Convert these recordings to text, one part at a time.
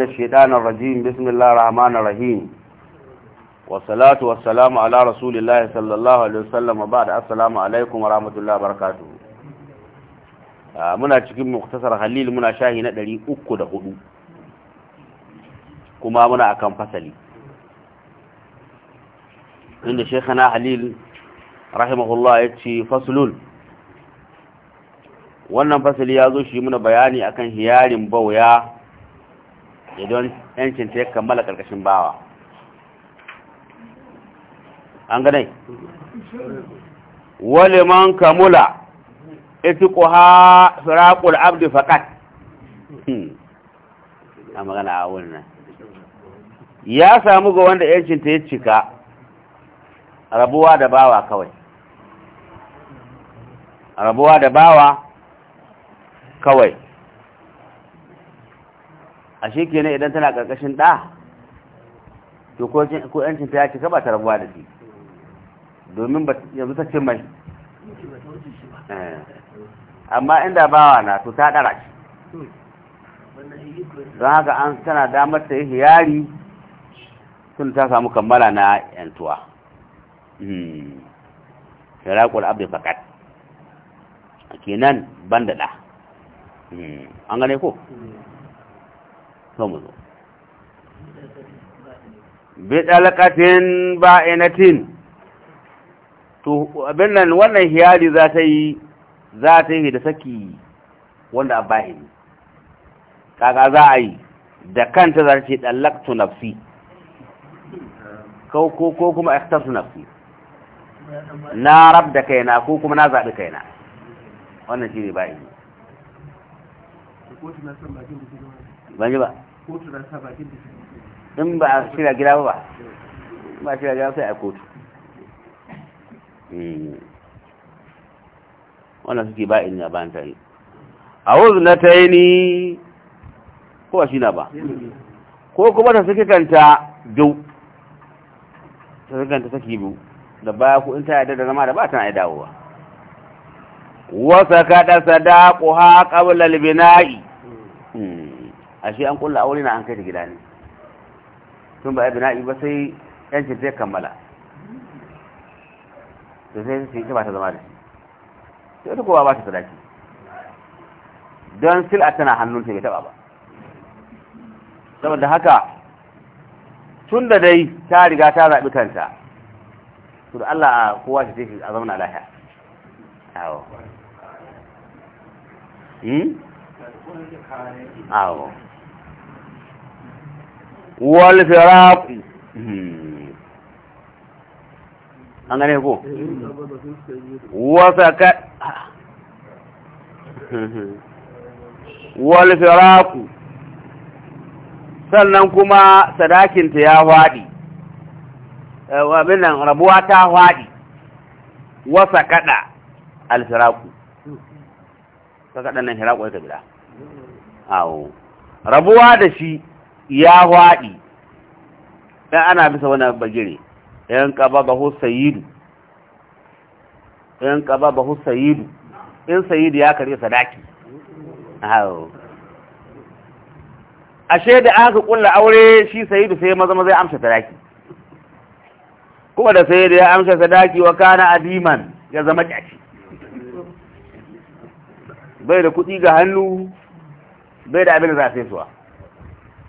من الشيطان الرجيم بسم الله الرحمن الرحيم والصلاة والسلام على رسول الله صلى الله عليه وسلم وبعد السلام عليكم ورحمة الله وبركاته muna cikin muktasar halil muna shahi na ɗari uku da hudu kuma muna akan fasali inda shekana halil rahimahullah ya ce fasulun wannan fasali ya zo shi muna bayani akan hiyarin bauya idan yancinta ya kammala karkashin bawa an ganai wale man kamula ita kuha firakul abdi faƙat hmm. a magana a wannan ya samu ga wanda yancinta ya cika rabuwa da bawa kawai rabuwa da bawa kawai ashe kenan idan tana karkashin ɗa to ko yancin ta ya cika ta rabuwa da shi domin yanzu ta ce mai eh, amma inda bawa na to ta ɗara shi don haka an tana damar ta yi hiyari sun ta samu kammala na yantuwa shirakul hmm. abdi fakat kenan ban da ɗa hmm. an gane ko mu zo bidalakatin ba'inatin to abin nan wannan hiyari za ta yi za ta yi da saki wanda a bahini kaga za a yi da kanta za ta ce dallaktu nafsi ko ko kuma ikhtartu nafsi na rab da kaina ko kuma na zaɓi kaina wannan shi ne bahini ban ji ba in ba a shirya gida ba ba shirya gida sai a kotu hmm. wannan suke ba in ta yi a wuzu na ta yi ni ko shi na ba ko kuma ta suke kanta biyu ta suke kanta saki biyu da baya ko in ta yi da zama da ba ta na dawowa wasa kada sadaku ha qabla binai ashe an kulla aure na an kai ta gida ne tun ba ibna'i ba sai yancin zai kammala to sai su yi ba ta zama da shi sai ta kowa ba ta sadaki don sil'a tana ta bai taba ba saboda haka tun da dai ta riga ta zaɓi kanta to da Allah a kowa ta shi a zauna lahiya awo hmm? awo wal firaqi an gane ko wasa ka wal firaqu sannan kuma sadakin ta ya fadi abin nan rabuwa ta fadi wasa kada al firaqu ka kada nan firaqu ya kabila awo rabuwa da shi ya waɗi ɗan ana bisa wani bagire yan kaba ba sayidu yan kaba ba sayidu in sayidu ya karye sadaki ashe da aka kulla aure shi sayidu sai maza maza ya amsa sadaki kuma da sayidu ya amsa sadaki wa kana adiman ya zama ƙyashi bai da kuɗi ga hannu bai da abin da za a sai suwa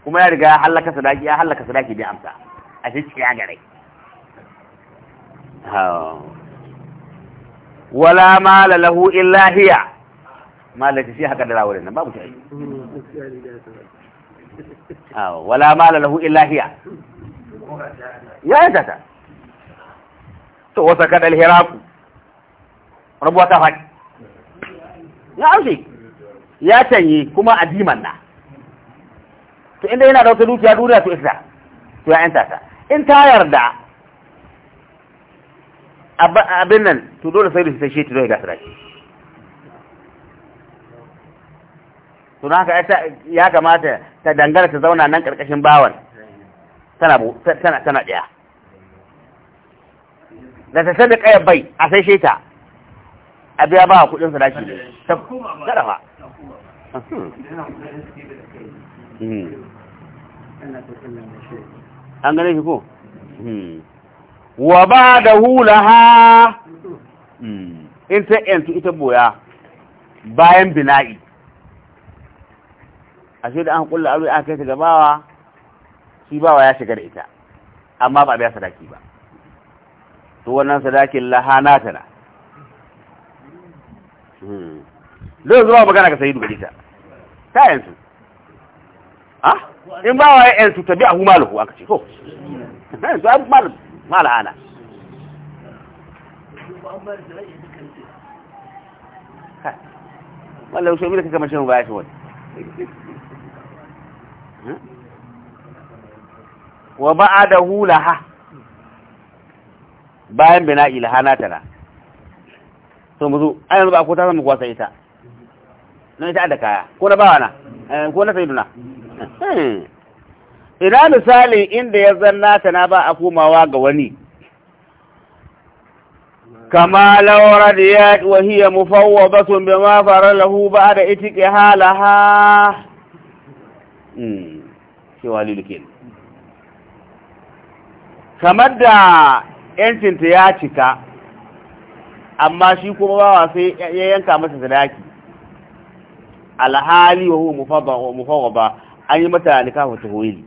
kuma ya riga ya halaka sadaki ya halaka sadaki bai amsa a shi ya gare wala mala lahu illa hiya malaka shi haka da rawurin nan babu shi wala mala lahu illa hiya ya yi tata to wasa kada alhiraku rabuwa ta faɗi ya amshi ya canye kuma adiman na to inda yana da wata dukiya duniya to ita to ya yanta ta in ta yarda abin nan to dole sai da sai shi dole ga sarki to na haka ya kamata ta dangara ta zauna nan karkashin bawan tana tana tana daya da ta sani kayar bai a sai shi ta a biya ba kudin sadaki ne ta ba Hmm. an gane shi ko hmm. wa ba da ha. Hmm. in ta yanzu ita boya bayan bina'i ashe da an kulla aure an kai ta gabawa shi bawa ya shiga da ita amma ba biya sadaki ba to wannan sadakin lahana tana don zuwa magana ga sayi duka ita ta yanzu in ba wa yan su tabi ahu malu aka ce ko to an mal ana wallahu sai mira kamar shan baya shi wani wa hula laha bayan bina ilaha na tana so mu zo an yanzu ba ko ta samu kwasa ita na ita da kaya ko na bawa na? Eh, ko na sayiduna Hmm. ina misalin inda ya zanna ta na ba a komawa ga wani kama laura da ya wahiyar mufawwa batun bai ma fara lahu ba hmm. da iti ke halaha cewa kamar da ‘yancinta ya cika amma shi kuma wa sai ya yanka masa sadaki alhali wa hu mufawar ba an yi mata nikahu tahwili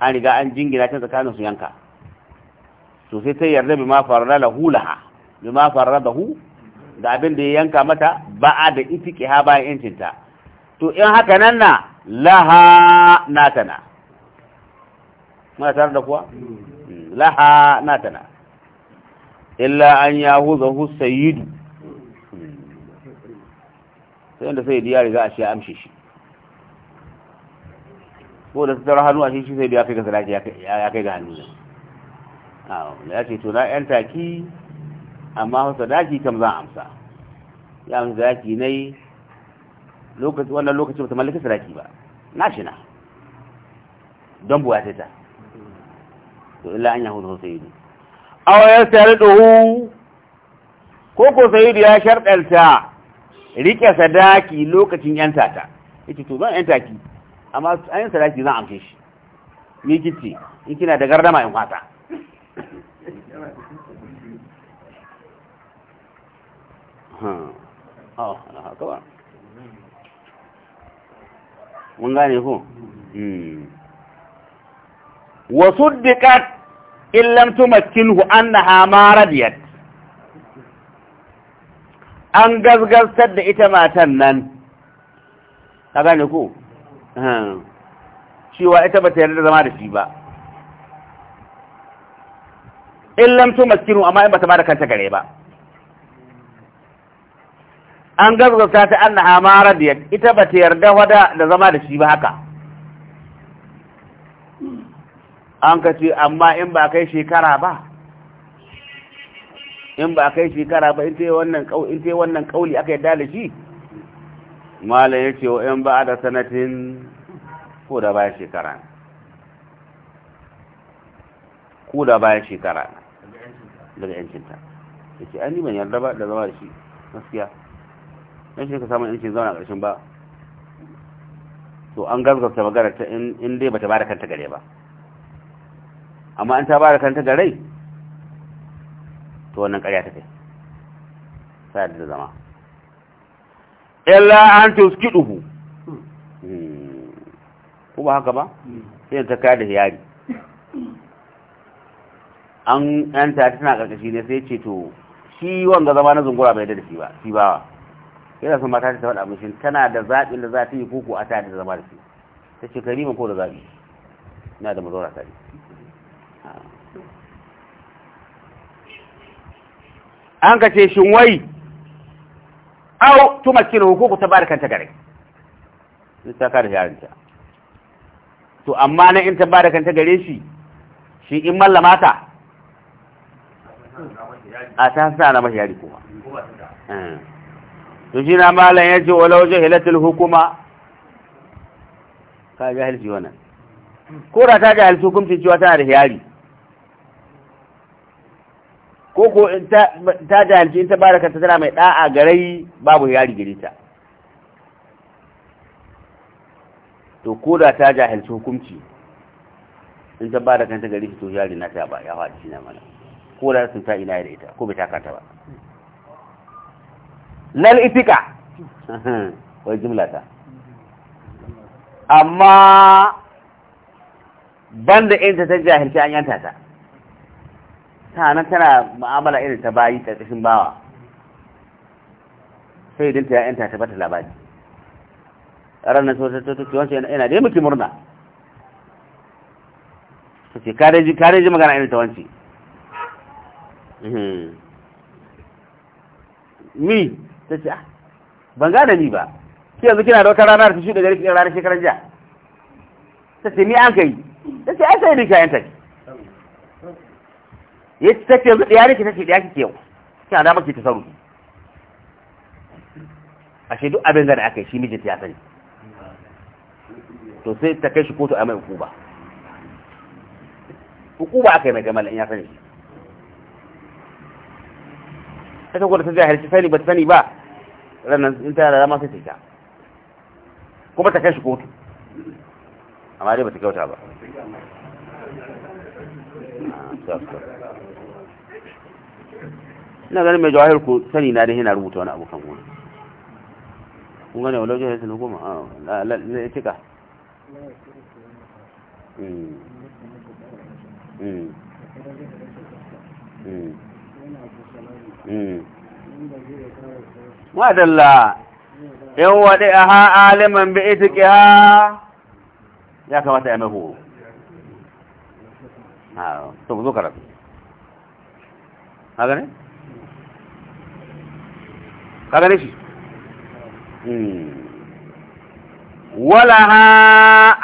an riga an jingina ta tsakanin su yanka to sai ta yarda bi ma farra lahu laha bi ma farra dahu da abin da ya yanka mata ba a da itiki ha bayan yancin ta to in haka nan na laha na muna tare da kuwa laha tana illa an ya yahuzahu sayyidu sai da sayyidi ya riga a shi ya amshe shi ko da tattara hannu a shi sai da ya kai ga sadaki ya kai ga hannu ne ya ce to na yan taki amma sadaki kam za amsa ya amsa sadaki ne lokaci wannan lokacin ba ta mallaki sadaki ba na shi na don buwa ta to illa an yahudu sai ne awa ya sayar da hu ko ko da ya sharɗalta rike sadaki lokacin yan tata ita to zan yan taki amma ayin sadaki zan amshe shi ni kici in kina da gardama in fata mun gane ko hmm. wasu dikat illam tumakkinhu annaha ma radiyat an gazgazar da ita matan nan ka gane ku. cewa ita ba ta yarda zama da shi ba in lamto maskinu amma in ba ta ma da kanta gare ba an gazgata ta an hamara da ita ba ta yarda wada da zama da shi ba haka an ka ce amma in ba kai shekara ba in ba kai shekara ba in ta yi wannan kauli aka yarda da shi malam ya ce wa ‘yan ba da sanatin ko da bayan shekara ko da bayan shekara daga ‘yancinta ya ce an yi mai yarda ba da zama da shi gaskiya ‘yan shi ka samun ‘yancin zauna ƙarshen ba to an gazgasta magana ta in dai bata ba da kanta gare ba amma an ta ba da kanta gare to wannan ƙarya ta kai sa da zama illa an tuskiduhu ko ba haka ba sai ta kada yari an an ta tana karkashi ne sai ce to shi wanda zama na zungura bai da shi ba shi ba yana son mata ta faɗa mishin tana da zaɓin da za ta yi koko a ta da zama da shi ta ce karima ko da zaɓi na da mazaura tare an ka ce shin wai aw tumakkinuhu ko ku tabaraka ta gare ta ka da yarinta to amma na in tabaraka ta gare shi shi in mallama ta a ta sa na mashi yari kuma eh. to shi na malam ya ce wala walau jahilatul hukuma ka jahilci wannan ko da ta jahilci hukuncin cewa tana da hiyari. ko ko in ta jahilci in ta bada kanta tana mai da'a garai babu yari gare ta to ko da ta jahilci hukunci in ta bada kanta gare shi to yari na ta ba ya faɗi shi na mana ko da sun ta ina da ita ko bai ta kanta ba lal itika wai jimla ta amma banda in ta jahilci an yanta ta ta na tana ma'amala irin ta bayi ƙarƙashin bawa sai idinta ya yanta ta bata labari ranar sosai ta tuki wancan yana yi miki murna ta ce kareji ji magana irin ta wancan mi ta ce ah, ban gane ni ba ki yanzu kina da wata rana ta shuɗe gari ranar shekarar jiya ta ce ni an kai ta ce ai sai ni kayan ki ya ce tace yanzu ɗaya nake tace ɗaya kike yau kina da maki a ashe duk abin da aka yi shi mijinta ya sani to sai ta kai shi kotu a mai hukuma hukuma aka yi mai gamalin ya sani ta gwada ta jahilci sani ba ta sani ba ranar in ta yara ma sai ta sha kuma ta kai shi kotu amma dai ba ta kyauta ba ah, ina ganin mai jawahir ku sani na dai yana rubuta wani abu kan wani kun gane walau jihar sun goma ah, a cika wadalla hmm. hmm. hmm. yan waɗe a ha aliman bi itiki ha ya kamata ya mai a ah, to zo karatu a ne? ka gane shi hmm. wala ha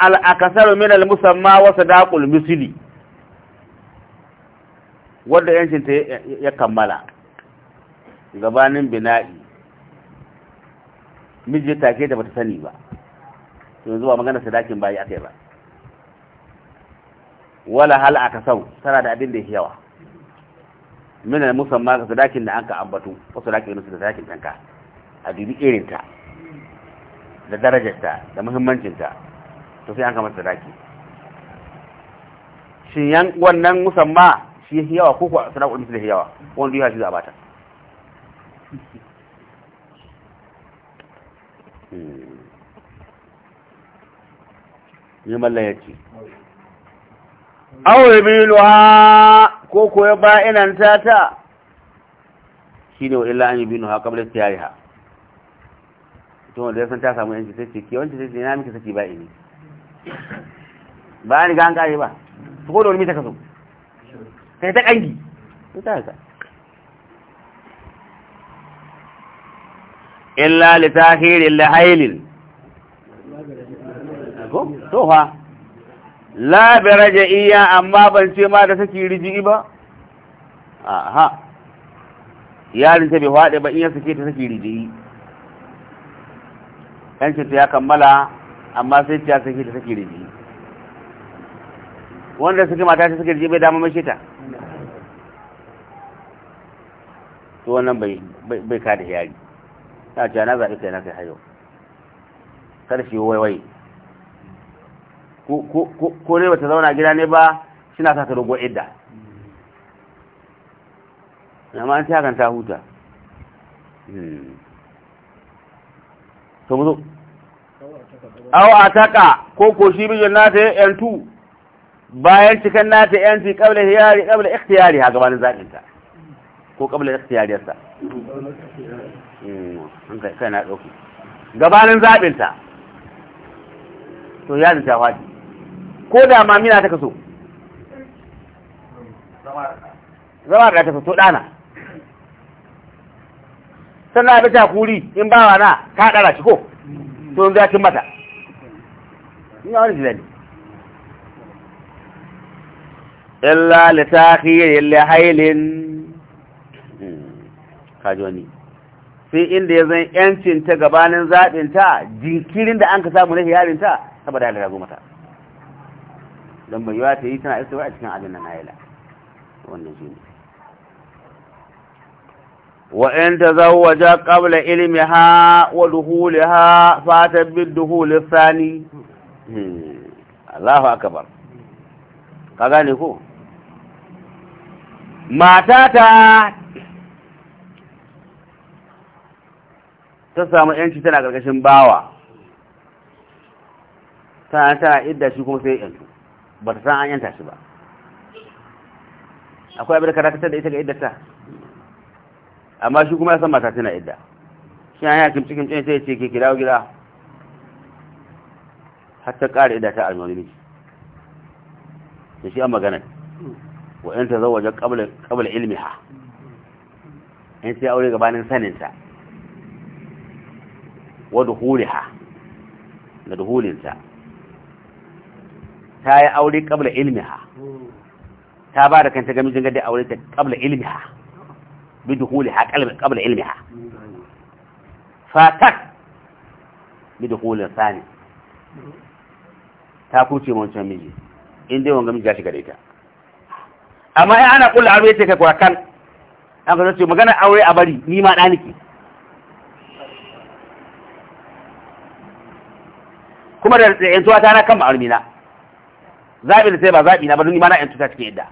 al'akasar min musamman wasu wa misili wadda wanda yancin ta ya kammala gabanin bina'i miji take da bata sani ba yanzu ba magana sadakin bayi akai ba wala hal tana da abin da yawa mina musamma ka sadakin da an ka ambato ko sadakin da sadakin tanka a dubi irinta da darajarta da muhimmancinta to sai an kama sadaki shi yan wannan musamma shi yake yawa ko kuwa da yake yawa wanda yake shi za a bata hmm. ne mallan ce. aure luwa ko koya ba'inanta ta shi ne wa illa an yi biyu luwa kamar ta yari ha ita wanda ya san ta samu yanci sai ce ke wancan sai ce na miki saki ba'ini ba ni ga an kare ba su ko da wani mita kaso sai ta kangi ta haka illa li tahiri la hailin ko to ha, la bi iya amma ban ce ma da saki riji'i ba aha yarin ta bai faɗi ba in ya sake ta saki riji'i Yanke ta ya kammala amma sai ta sake ta saki riji'i wanda suke mata ta suke riji'i bai dama mashi ta to wannan bai bai da yari ta ce na zaɓi kai na kai hayo karshe wai ko ne ba ta zauna gida ne ba suna sa ta dogon idda amma an ci hakan ta huta hmm. to muzo a taka ko ko shi bijin nata yan tu bayan cikan nata yan ti qabla hiyari qabla ikhtiyari ha gabanin zaɓinta, ko kabla ikhtiyariyar sa hmm, an gabanin zaɓinta, to ya ta faɗi ko da ma mina ta kaso zama da ta kaso dana sannan abin ta kuri in bawa na ta dara shi ko to yanzu ya mata ina wani jilani illa litakhir illa hailin hmm. kajoni sai inda ya zan yancin ta gabanin zaɓin ta jinkirin da an ka samu na hiyarin ta saboda ya zo mata don bai yiwa ta yi tana isa wa'a cikin abin nan haila wannan shi ne wa in tazawwaja ilimi ha wa duhuliha fatat bid duhul thani hmm. Allahu akbar ka gane ko mata ta ta samu yanci tana karkashin bawa tana tana idda shi kuma sai yanzu ba ta san an yanta shi ba akwai abin da karakatar da ita ga iddata amma shi kuma ya san mata tana idda shi an yi kimci kimci sai ce ke kira gida har ta kara idda ta almoni da shi an magana wa in ta zawaje ilmi ha in sai aure gabanin saninsa wa ha da duhulinta ta yi aure ilmi ilmiha ta ba da kanta gami jingar da aure ta kabla ilmiha bi dukuliha ilmi ilmiha fatak bi dukulin sani ta kuce mawancin miji in dai gami gashi gare ta amma ya ana ƙulla aure ce kai kwakan an kasance magana aure a bari ni ma ɗaniki kuma da yantuwa ta na kan ma'armina zaɓi da sai ba zaɓi na ba dun imana yan tuta cikin yadda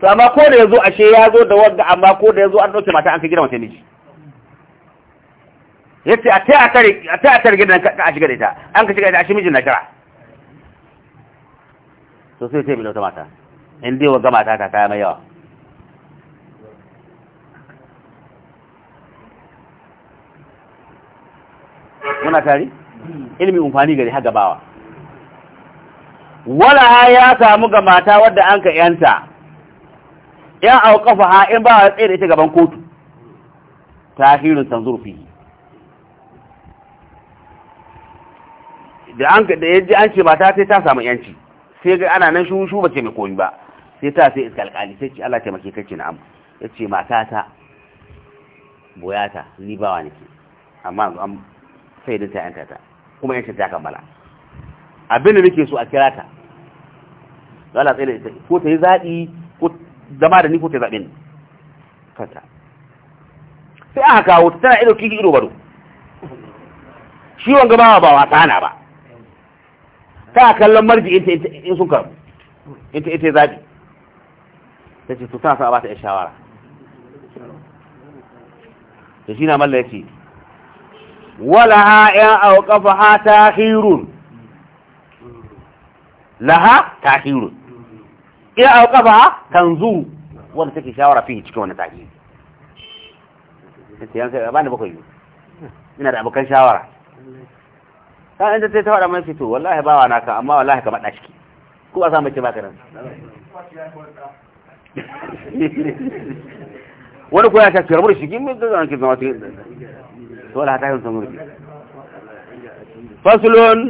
to amma ko da yazo ashe ya zo da wanda amma ko da yazo an dauke mata an kai gina wata miji yace a tai a tare a tai a tare gidan ka a shiga da ita an ka shiga da ashe mijin na kira to sai sai yi lauta mata in dai wa gama ta ta kaya mai yawa muna tari, ilimin umfani gari ha gabawa wala ya samu ga mata wadda an ka yanta ya auqafa ha in ba tsaye tsere ita gaban kotu tahirun san zurfi da an da yaji an ce mata sai ta samu yanci sai ga ana nan shu shu bace mai komi ba sai ta sai iska alƙali sai ce Allah taimake kace na Ya yace mata ta boyata ni bawa niki. amma an sai da ta yanta ta kuma yanta ta kammala abin da nake so a kira ta da Allah tsaye da ko ta yi zaɓi ko zama da ni ko ta zaɓe ni kanta sai aka kawo ta tana ido kiki ido baro shi wanga ba ba wasa na ba ta kallon marji in sun karbu ta ita zaɓi ta ce to tana sa ba ta yi shawara ta shi na malla ya ce wala ha ‘yan auƙafa ha ta hirun laha ta hirun ila a kafa tanzu wanda take shawara fi cikin wani taki sai yanka ba ni bakwai ina da abokan shawara kan inda sai ta fara mai fito wallahi ba na ka amma wallahi ka bada ciki ko ba za mu ce ba karan wani ko ya ta kiyar murshi kin mun zan ki zama cikin to la ta yi sun murshi fasulun